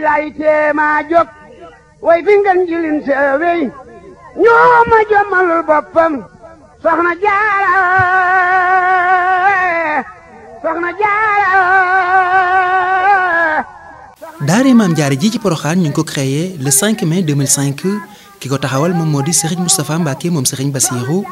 lay teema jóg maam jaara ji ci poroxaan ñu ngi ko créé le 5 mai 2005 ki ko taxawal moom moo di sëriñ Moustapha Mbacke moom sëriñ Bassirou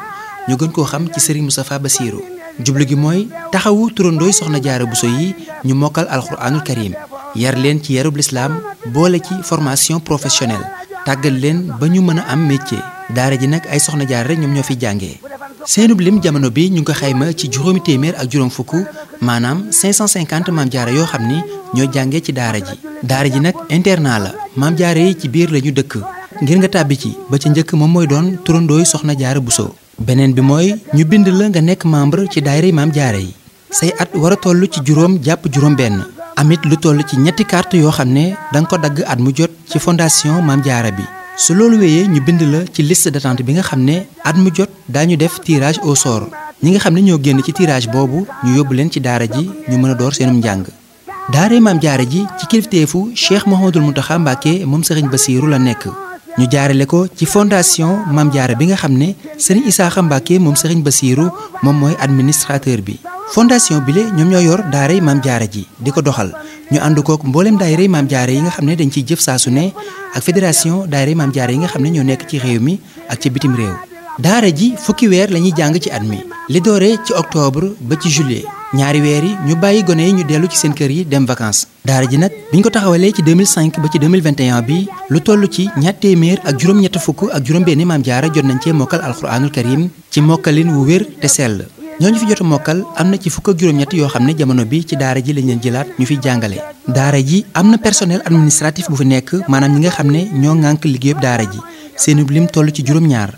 ñu gën koo xam ci sëriñ Moustapha Bassirou jublu gi mooy taxawu turandooy soxna jaara buso yi ñu mokkal alxuraanul karim yar leen ci yarub lislaam boole ci formation professionnel tàggal leen ba ñu mën a am métier daara ji nag ay soxna jaar rek ñoom ñoo fi jàngee. seenub lim jamono bi ñu ngi ko xayma ci juróomi téeméer ak juróom fukk maanaam 550 maam jaara yoo xam ni ñoo jàngee ci daara ji. daara ji nag internat la maam jaara yi ci biir la ñu dëkk ngir nga tàbbi ci ba ca njëkk moom mooy doon turandooy soxna jaara Bousso. beneen bi mooy ñu bind la nga nekk membre ci daayira maam jaara yi say at war a toll ci juróom jàpp juróom benn. amit lu toll ci ñetti carte yoo xam ne danga ko dagg at mu jot ci fondation Maam Jaara bi su loolu wéyee ñu bind la ci liste d'attente bi nga xam ne at mu jot daa ñu def tirage au sort ñi nga xam ne ñoo génn ci tirage boobu ñu yóbbu leen ci daara ji ñu mën a door seenum njàng daare Maam Jaara ji ci kilifteefu Cheikh Mouhamadoul Mountakha Mbacké moom Serigne Bassirou la nekk ñu jaarale ko ci fondation Maam Jaara bi nga xam ne Serigne Issakha Mbacké moom Serigne Bassirou moom mooy administrateur bi fondation bile ñoom ñoo yor daaray maam jaara ji di ko doxal ñu ànd kook mbooleem daaray maam jaara yi nga xam ne dañ ciy jëf saasu ne ak fédération daaray maam jaara yi nga xam ne ñoo nekk ci réew mi ak ci bitim réew daara ji fukki weer la ñuy jàng ci at mi li dooree ci octobre ba ci juillet ñaari weer yi ñu bàyyi gone yi ñu dellu ci seen kër yi dem vacances daara ji nag bi ñu ko taxawalee ci 2005 ba ci 2021 bi lu toll ci ñaar ak juróom-ñett fukk ak juróom-benn maam jaara jot nañ cee mokkal alxuraanul karim ci mokkalin wu wér te sell ñooñu fi jotu mokkal am na ci fukk ak juróom-ñett yoo xam ne jamono bi ci daara ji lañ leen jëlaat ñu fi jàngale daara ji am na personnel administratif bu fi nekk maanaam ñi nga xam ne ñoo ŋànk liggéeyub daara ji seen lim toll ci juróom-ñaar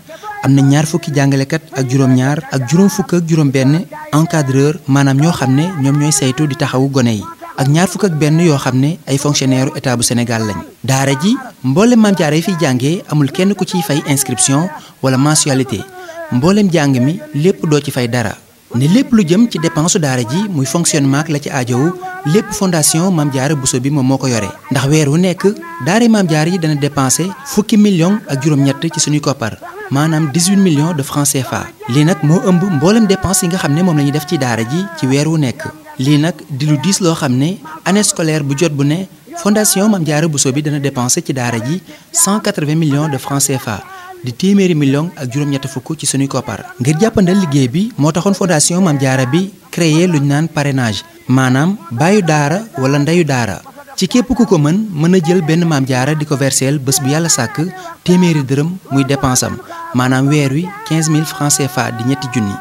am na ñaar fukki jàngalekat ak juróom-ñaar ak juróom fukk ak juróom-benn encadreur maanaam ñoo xam ne ñoom ñooy saytu di taxawu gone yi ak ñaar fukk ak benn yoo xam ne ay fonctionnaire état bu Sénégal lañ daara ji mboolem maam yi fiy jàngee amul kenn ku ciy fay inscription wala mensualité mboolem jàng mi lépp doo ci fay dara ne lépp lu jëm ci dépense daara ji muy fonctionnement la ci aajowu lépp fondation Mame Diarra Bousso bi moom moo ko yore ndax weer wu nekk daara Mame Diarra yi dana dépensé fukki millions ak juróom-ñett ci suñuy koppar maanaam 18 millions de francs CFA. lii nag moo ëmb mboolem dépense yi nga xam ne moom la ñuy def ci daara ji ci weer wu nekk lii nag di lu diis loo xam ne année scolaire bu jot bu ne fondation Mame Diarra Bousso bi dana dépensé ci daara ji 180 millions de francs CFA. di téeméeri million ak juróom-ñetti fukk ci suñuy koppar. ngir jàppandal liggéey bi moo taxoon fondation Maam Jaara bi créé lu ñu naan parrainage maanaam baayu daara wala ndeyu daara ci képp ku ko mën mën a jël benn Maam Jaara di ko verseel bés bu yàlla sàkk téeméeri dërëm muy dépensam maanaam weer wi 15000 francs CFA di ñetti junni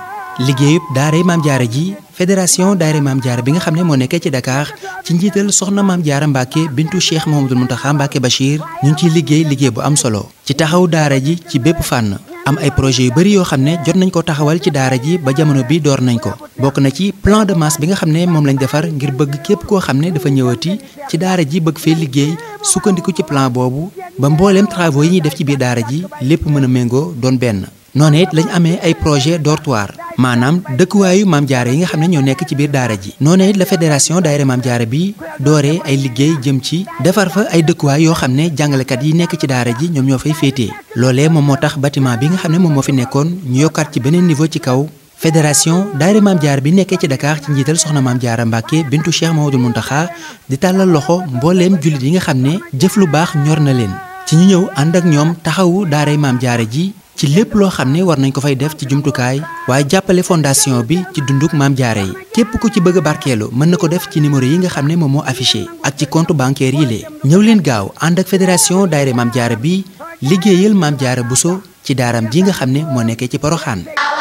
liggéeyub daaray Maam Jaara ji fédération daayira maam jaara bi nga xam ne moo nekkee ci dakaar ci njiital soxna maam jaara Mbacke bintu cheikh Mouhamadul Mountakha Mbacke Bachir ñu ngi ciy liggéey liggéey bu am solo ci taxaw daara ji ci bépp fànn am ay projets yu bari yoo xam ne jot nañ ko taxawal ci daara ji ba jamono bi door nañ ko bokk na ci plan de masse bi nga xam ne moom lañu defar ngir bëgg képp koo xam ne dafa ñëwati ci daara ji bëgg fee liggéey sukkandiku ci plan boobu ba mbooleem travaux yi ñuy def ci biir daara ji lépp mën a méngoo doon benn noonu it lañ amee ay projet dortoir maanaam dëkkuwaayu maam jaare yi nga xam ne ñoo nekk ci biir daara ji noonu it la fédération daayira maam jaare bi dooree ay liggéey jëm ci defar fa ay dëkkuwaay yoo xam ne jàngalekat yi nekk ci daara ji ñoom ñoo fay féetee loolee moom moo tax bâtiment bi nga xam ne moom moo fi nekkoon ñu yokkaat ci beneen niveau ci kaw fédération daayira maam jaar bi nekkee ci Dakar ci njiital soxna maam jaara Mbàkke bintu Cheikh Mamadou Muntaxa di tàllal loxo mbooleem jullit yi nga xam ne jëf lu baax ñor na leen ci ñu ñëw ànd ak ñoom taxawu daaray maam jaara ji ci lépp loo xam ne war nañ ko fay def ci jumtukaay waaye jàppale fondation bi ci dunduk maam jaare yi képp ku ci bëgg a barkeelu mën na ko def ci numéro yi nga xam ne moom moo affiché ak ci compte bancaire yi lée ñëw leen gaaw ànd ak fédération daayira maam jaare bi liggéeyal maam jaare Bousso ci daaram ji nga xam ne moo nekkee ci Poroxaan